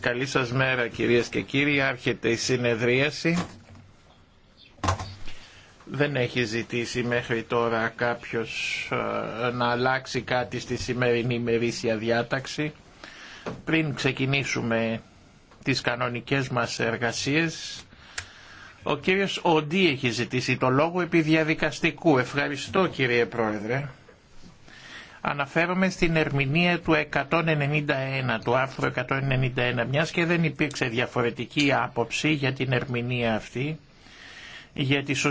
Καλή σας μέρα, κυρίες και κύριοι. Άρχεται η συνεδρίαση. Δεν έχει ζητήσει μέχρι τώρα κάποιος ε, να αλλάξει κάτι στη σημερινή ημερήσια διάταξη. Πριν ξεκινήσουμε τις κανονικές μας εργασίες, ο κύριος Οντί έχει ζητήσει το λόγο επί διαδικαστικού. Ευχαριστώ κύριε Πρόεδρε. Αναφέρομαι στην ερμηνεία του 191, του άρθρου 191, μιας και δεν υπήρξε διαφορετική άποψη για την ερμηνεία αυτή, για τη